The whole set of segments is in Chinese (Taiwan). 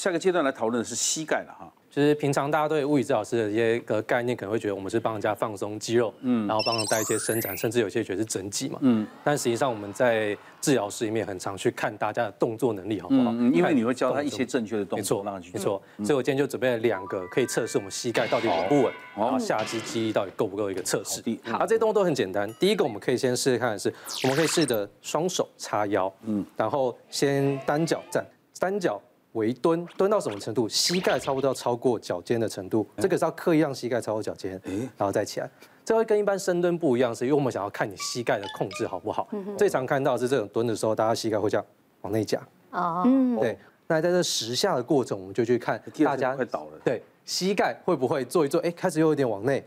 下個階段來討論的是膝蓋了哈。其實平常大家對物理治療師的一些個概念，可能會覺得我們是幫人家放鬆肌肉，嗯、嗯，然後幫人帶一些伸展，甚至有些覺得是整體嘛，嗯。但實際上我們在治療室裡面很常去看大家的動作能力好不好？嗯、嗯，因為你會教他一些正確的動作，看動作沒錯，讓他去，沒錯。所以我今天就準備了兩個可以測試我們膝蓋到底穩不穩，然後下肢肌力到底夠不夠一個測試。啊，這些動作都很簡單。第一個我們可以先試試看的是，我們可以試着雙手叉腰，然後先單腳站，單腳。我一蹲，蹲到什麼程度？膝蓋差不多要超過腳尖的程度，欸、這個是要刻意讓膝蓋超過腳尖，欸、然後再起來。這個跟一般深蹲不一樣，是因為我們想要看你膝蓋的控制好不好。嗯、哼最常看到是這種蹲的時候，大家膝蓋會這樣往內夾。哦，嗯，對。那在這十下的過程，我們就去看大家倒了。對，膝蓋會不會做一做？哎，開始又有點往內，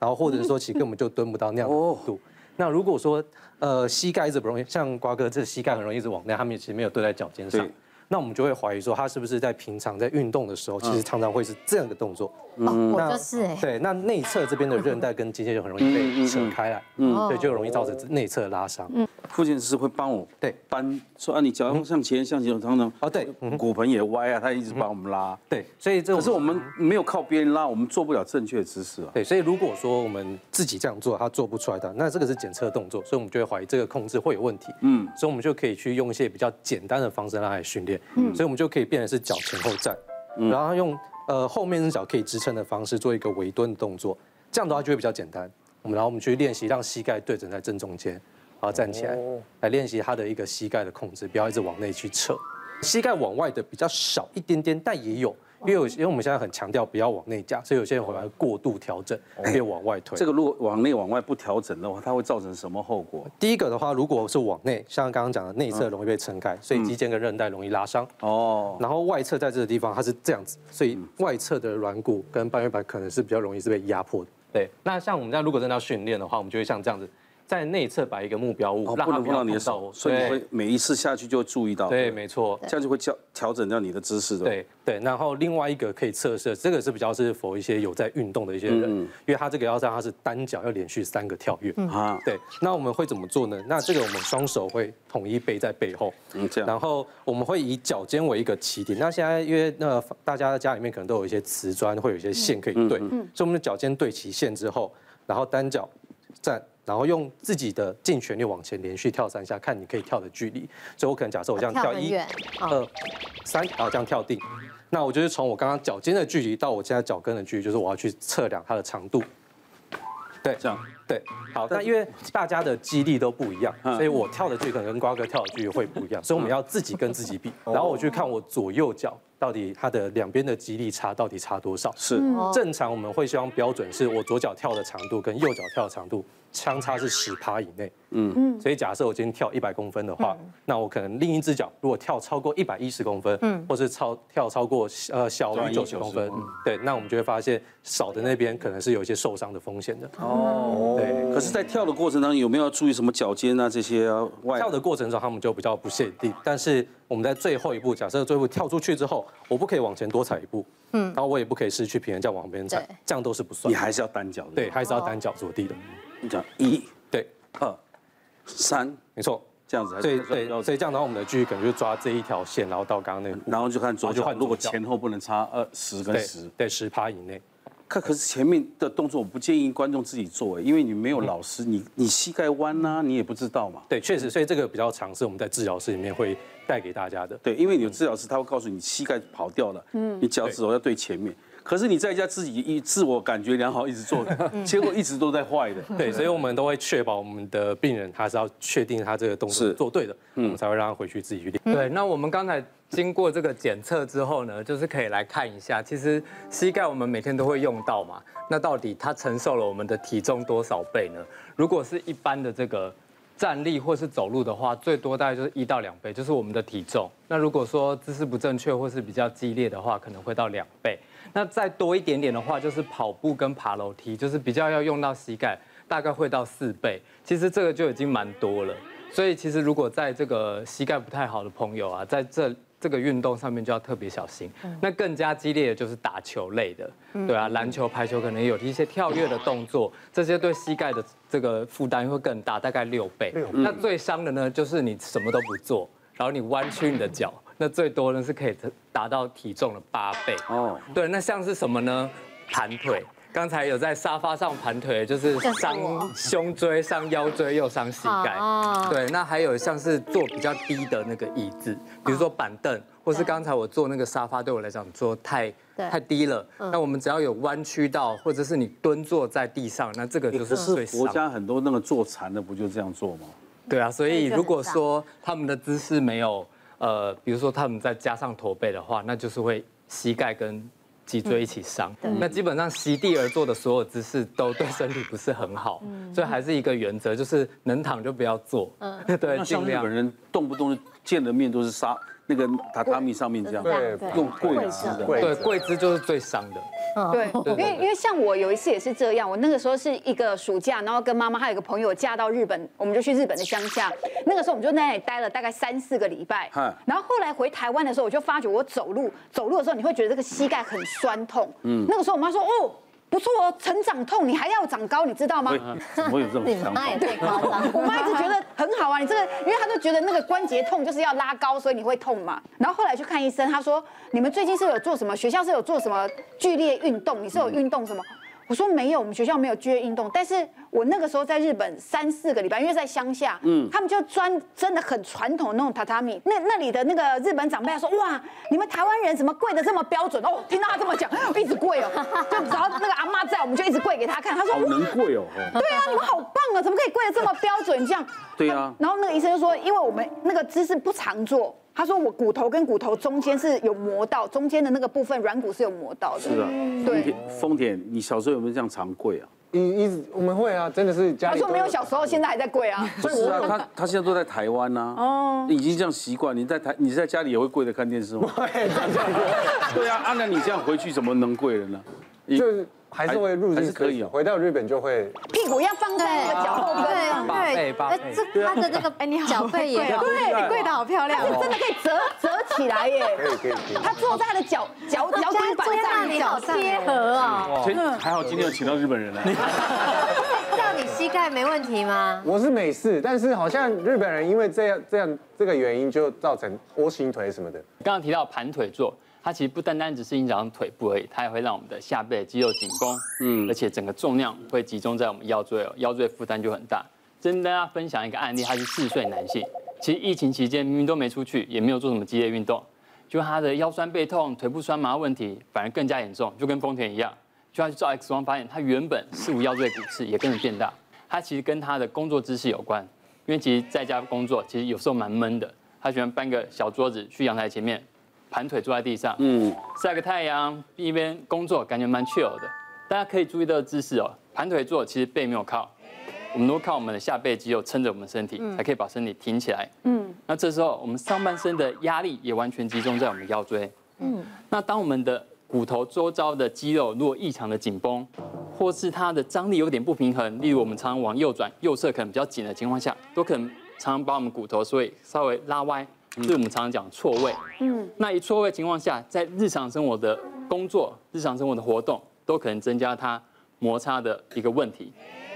然後或者是說，其實根本就蹲不到那樣的程度。哦、那如果說呃膝蓋一直不容易，像瓜哥這膝蓋很容易一直往內，他們其實沒有蹲在腳尖上。那我們就會懷疑說，他是不是在平常在運動的時候，其實常常會是這樣的動作。嗯，那我就是。對，那內側這邊的韌帶跟肌腱就很容易被扯開了，嗯，嗯，對，就容易造成內側的拉傷。附近親是會幫我對搬，說啊你腳要向前向前，常呢、嗯。哦對，嗯、骨盆也歪啊，他一直幫我們拉、嗯、對，所以這可是我們沒有靠別人拉，我們做不了正確的姿勢啊。對，所以如果說我們自己這樣做，他做不出來的，那這個是檢測動作，所以我們就會懷疑這個控制會有問題。嗯，所以我們就可以去用一些比較簡單的方式讓他來訓練。嗯，所以我們就可以變成是腳前後站，然後用呃後面的腳可以支撐的方式做一個微蹲的動作，這樣的話就會比較簡單。我們然後我們去練習讓膝蓋對準在正中間。好，站起來來練習他的一個膝蓋的控制，不要一直往內去撤，膝蓋往外的比較少一點點，但也有，因為因為我們現在很強調不要往內夾，所以有些人會來過度調整，會、哦、往外推。這個如果往內往外不調整的話，它會造成什麼後果？第一個的話，如果是往內，像剛剛講的內側容易被撐開，所以肌腱跟韌帶容易拉傷。哦、嗯。然後外側在這個地方它是這樣子，所以外側的軟骨跟半月板可能是比較容易是被壓迫。對。那像我們這樣，如果真的要訓練的話，我們就會像這樣子。在內側擺一個目標物，哦、不能碰到你的手，所以你會每一次下去就會注意到。對，沒錯，這樣就會調調整掉你的姿勢。對對，然後另外一個可以測試，這個是比較是否一些有在運動的一些人，嗯、因為它這個要讓它是單腳要連續三個跳躍啊。嗯、對，那我們會怎麼做呢？那這個我們雙手會統一背在背後，嗯、這樣。然後我們會以腳尖為一個起點，那現在因為那大家家裡面可能都有一些瓷磚，會有一些線可以對，嗯、所以我們的腳尖對齊線之後，然後單腳站。然後用自己的盡全力往前連續跳三下，看你可以跳的距離。所以我可能假設我這樣跳一、二、三，然後這樣跳定。那我就是從我剛剛腳尖的距離到我現在腳跟的距離，就是我要去測量它的長度。對，這樣對。好，但,但因為大家的肌力都不一樣，嗯、所以我跳的距離可能跟瓜哥跳的距離會不一樣。嗯、所以我們要自己跟自己比。然後我去看我左右腳。到底它的兩邊的肌力差到底差多少？是、嗯哦、正常我們會希望標準是我左腳跳的長度跟右腳跳的長度相差是十趴以內。嗯嗯，所以假設我今天跳一百公分的話，嗯、那我可能另一隻腳如果跳超過一百一十公分，嗯，或是超跳超過呃小於九十公分，嗯、對，那我們就會發現少的那邊可能是有一些受傷的風險的。哦，對。可是，在跳的過程當中有沒有要注意什麼腳尖啊這些、啊？跳的過程中他們就比較不限定，但是我們在最後一步，假設最後跳出去之後。我不可以往前多踩一步，嗯，然後我也不可以失去平衡再往邊踩，對，這樣都是不算的。你還是要單腳的，對，還是要單腳着地的。Oh. 你講一，對，二，三，沒錯，這樣子是。對對，所以這樣然後我們的距離可能就抓這一條線，對，然後到剛剛那個。然後就看左，就看，如果前後不能差二十跟十，對，十趴以內。那可是前面的動作，我不建議觀眾自己做，因為你沒有老師，你你膝蓋彎吶，你也不知道嘛。對，確實，所以這個比較常是我們在治療室裡面會帶給大家的。對，因為你有治療師，他會告訴你膝蓋跑掉了，嗯、你腳趾頭要對前面。可是你在家自己一自我感覺良好，一直做的結果一直都在壞的。 對，所以我們都會確保我們的病人，他是要確定他這個動作是做對的，嗯，我們才會讓他回去自己去練。對，那我們剛才經過這個檢測之後呢，就是可以來看一下，其實膝蓋我們每天都會用到嘛，那到底它承受了我們的體重多少倍呢？如果是一般的這個站立或是走路的話，最多大概就是一到兩倍，就是我們的體重。那如果說姿勢不正確或是比較激烈的話，可能會到兩倍。那再多一點點的話，就是跑步跟爬樓梯，就是比較要用到膝蓋，大概會到四倍。其實這個就已經蠻多了。所以其實如果在這個膝蓋不太好的朋友啊，在這這個運動上面就要特別小心。那更加激烈的就是打球類的，對啊，籃球、排球可能有一些跳躍的動作，這些對膝蓋的這個負擔會更大，大概六倍。那最傷的呢，就是你什麼都不做，然後你彎曲你的腳。那最多呢，是可以達到體重的八倍哦。對，那像是什麼呢？盤腿，剛才有在沙發上盤腿，就是傷胸椎、傷腰椎又傷膝蓋。對，那還有像是坐比較低的那個椅子，比如說板凳，或是剛才我坐那個沙發，對我來講坐太太低了。那我們只要有彎曲到，或者是你蹲坐在地上，那這個就是最傷的。不是，國家很多那麼坐禪的不就這樣做嗎？對啊，所以如果說他們的姿勢沒有。呃，比如說他們再加上駝背的話，那就是會膝蓋跟脊椎一起傷。嗯、那基本上席地而坐的所有姿勢都對身體不是很好，嗯、所以還是一個原則，就是能躺就不要坐。嗯。對，盡量。那日本人動不動見了面都是沙那個榻榻米上面這樣，的對，用跪姿。跪姿。對，跪姿櫃就是最傷的。對，因為因為像我有一次也是這樣，我那個時候是一個暑假，然後跟媽媽還有一個朋友嫁到日本，我們就去日本的鄉下。那個時候我們就在那裡待了大概三四個禮拜，然後後來回台灣的時候，我就發覺我走路走路的時候，你會覺得這個膝蓋很酸痛。嗯，那個時候我媽說哦。不錯哦，成長痛，你還要長高，你知道嗎？我有這麼長？我媽我媽一直覺得很好啊。你這個，因為她都覺得那個關節痛就是要拉高，所以你會痛嘛。然後後來去看醫生，她說你們最近是有做什麼？學校是有做什麼劇烈運動？你是有運動什麼？嗯我說沒有，我們學校沒有劇烈運動。但是我那個時候在日本三四個禮拜，因為在鄉下，嗯，他們就專真的很傳統的那種榻榻米。那那裡的那個日本長輩說：“哇，你們台灣人怎麼跪的這麼標準？”哦，聽到他這麼講，一直跪哦，就只要那個阿嬤在，我們就一直跪給他看。他說：“好能跪哦，哦。”對啊，你們好棒啊，哦，怎麼可以跪的這麼標準？這樣啊，對啊。然後那個醫生就說：“因為我們那個姿勢不常做。”他說：“我骨頭跟骨頭中間是有磨到，中間的那個部分軟骨是有磨到的。”是啊，對，風田，你小時候有沒有這樣常跪啊？你一直我們會啊，真的是家裡。他說沒有，小時候現在還在跪啊。就是啊，他他現在都在台灣呢、啊，哦，已經這樣習慣。你在台你在家裡也會跪着看電視嗎？對啊，按照你這樣回去怎麼能跪了呢？就是。還是會入，還是可以哦。回到日本就會屁股要放在那腳後跟，對，背，背，他的這個哎，你好，腳背也你跪得好漂亮，真的可以折折起來耶。可以可以。他坐在他的腳腳腳跟板腳上貼合啊。還好今天有請到日本人來。知道你膝蓋沒問題嗎？我是沒事，但是好像日本人因為這樣這樣這個原因就造成 O 型腿什麼的。剛剛提到盤腿坐，它其實不單單只是影響腿部而已，它也會讓我們的下背的肌肉緊繃，嗯，而且整個重量會集中在我們腰椎，腰椎負擔就很大。今天跟大家分享一個案例，他是四十歲男性，其實疫情期間明明都沒出去，也沒有做什麼激烈運動，就他的腰酸背痛、腿部酸麻問題反而更加嚴重，就跟風田一樣，就他去照 X 光發現他原本四五腰椎骨刺也跟着變大，他其實跟他的工作姿勢有關，因為其實在家工作其實有時候蠻悶的，他喜歡搬個小桌子去陽台前面。盤腿坐在地上，嗯，曬個太陽，一邊邊工作，感覺蠻 chill 的。大家可以注意到姿勢哦，盤腿坐其實背沒有靠，我們都靠我們的下背肌肉撐着我們身體，嗯，才可以把身體挺起來。嗯，那這時候我們上半身的壓力也完全集中在我們腰椎。嗯，那當我們的骨頭周遭的肌肉如果異常的緊繃，或是它的張力有點不平衡，例如我們常常往右轉，右側可能比較緊的情況下，都可能常常把我們骨頭所以稍微拉歪。所以我們常常講錯位，嗯，那一錯位的情況下，在日常生活的工作、日常生活的活動，都可能增加它摩擦的一個問題，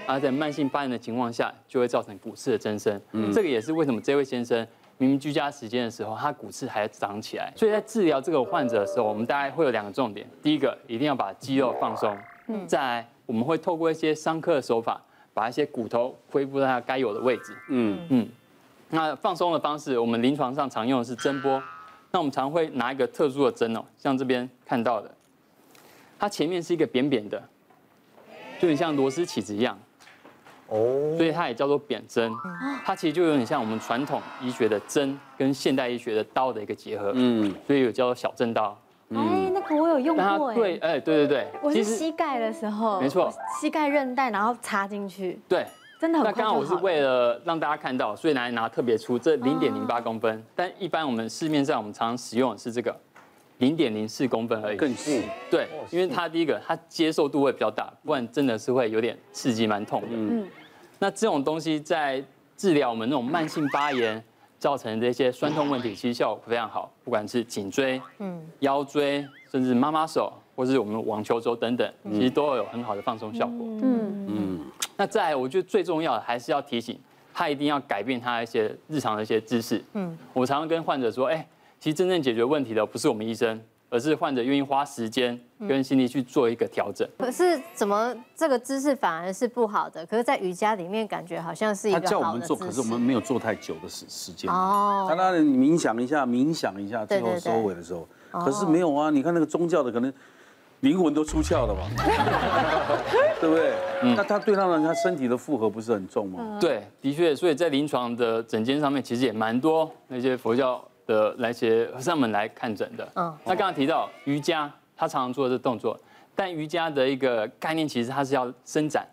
而、啊、在慢性發炎的情況下，就會造成骨刺的增生。嗯、這個也是為什麼這位先生明明居家時間的時候，他骨刺還長起來。所以在治療這個患者的時候，我們大概會有兩個重點：第一個，一定要把肌肉放鬆；嗯，再來，我們會透過一些傷科的手法，把一些骨頭恢復到它該有的位置。嗯嗯。嗯那放鬆的方式，我們臨床上常用的是針波。那我們常會拿一個特殊的針哦，像這邊看到的，它前面是一個扁扁的，就很像螺絲起子一樣。哦。所以它也叫做扁針。它其實就有點像我們傳統醫學的針跟現代醫學的刀的一個結合。嗯。所以有叫做小針刀。哎，那個我有用過。哎，對，哎，對對對。我是膝蓋的時候。沒錯。膝蓋韌帶，然後插進去。對。好，那剛剛我是為了讓大家看到，所以拿來，拿特別粗，這零點零八公分。但一般我們市面上我們常使用的是這個零點零四公分而已。更細。對，因為它第一個它接受度會比較大，不然真的是會有點刺激蠻痛的。嗯。那這種東西在治療我們那種慢性發炎造成這些酸痛問題，其實效果非常好。不管是頸椎、嗯，腰椎，甚至媽媽手，或是我們網球肘等等，其實都有很好的放鬆效果。嗯。那再來，我覺得最重要的還是要提醒他，一定要改變他一些日常的一些姿勢。嗯，我常常跟患者說，哎、欸，其實真正解決問題的不是我們醫生，而是患者願意花時間跟、嗯、心力去做一個調整。可是怎麼這個姿勢反而是不好的？可是在瑜伽裡面感覺好像是一個。他叫我們坐，可是我們沒有坐太久的時時間。哦、啊。他讓人冥想一下，冥想一下，最後收尾的時候，對對對，可是沒有啊！你看那個宗教的可能。靈魂都出竅了吧？ 對不對？嗯、那他對他們他身體的負荷不是很重嗎？對，的確，所以在臨床的診間上面，其實也蠻多那些佛教的那些和尚們來看診的。嗯，那剛剛提到瑜伽，他常常做這動作，但瑜伽的一個概念其實它是要伸展，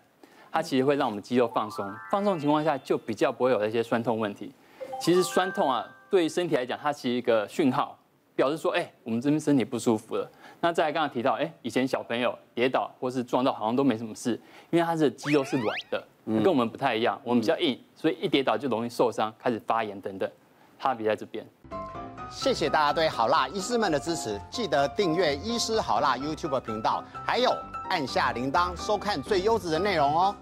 它其實會讓我們肌肉放鬆，放鬆的情況下就比較不會有那些酸痛問題。其實酸痛啊，對於身體來講，它是一個訊號，表示說，哎、欸，我們這邊身體不舒服了。那再來剛剛提到，哎、欸，以前小朋友跌倒或是撞到好像都沒什麼事，因為他的肌肉是軟的，嗯、跟我們不太一樣，我們比較硬，嗯、所以一跌倒就容易受傷，開始發炎等等，差別在這邊。謝謝大家對好辣醫師們的支持，記得訂閱醫師好辣 YouTube 頻道，還有按下鈴鐺收看最優質的內容哦。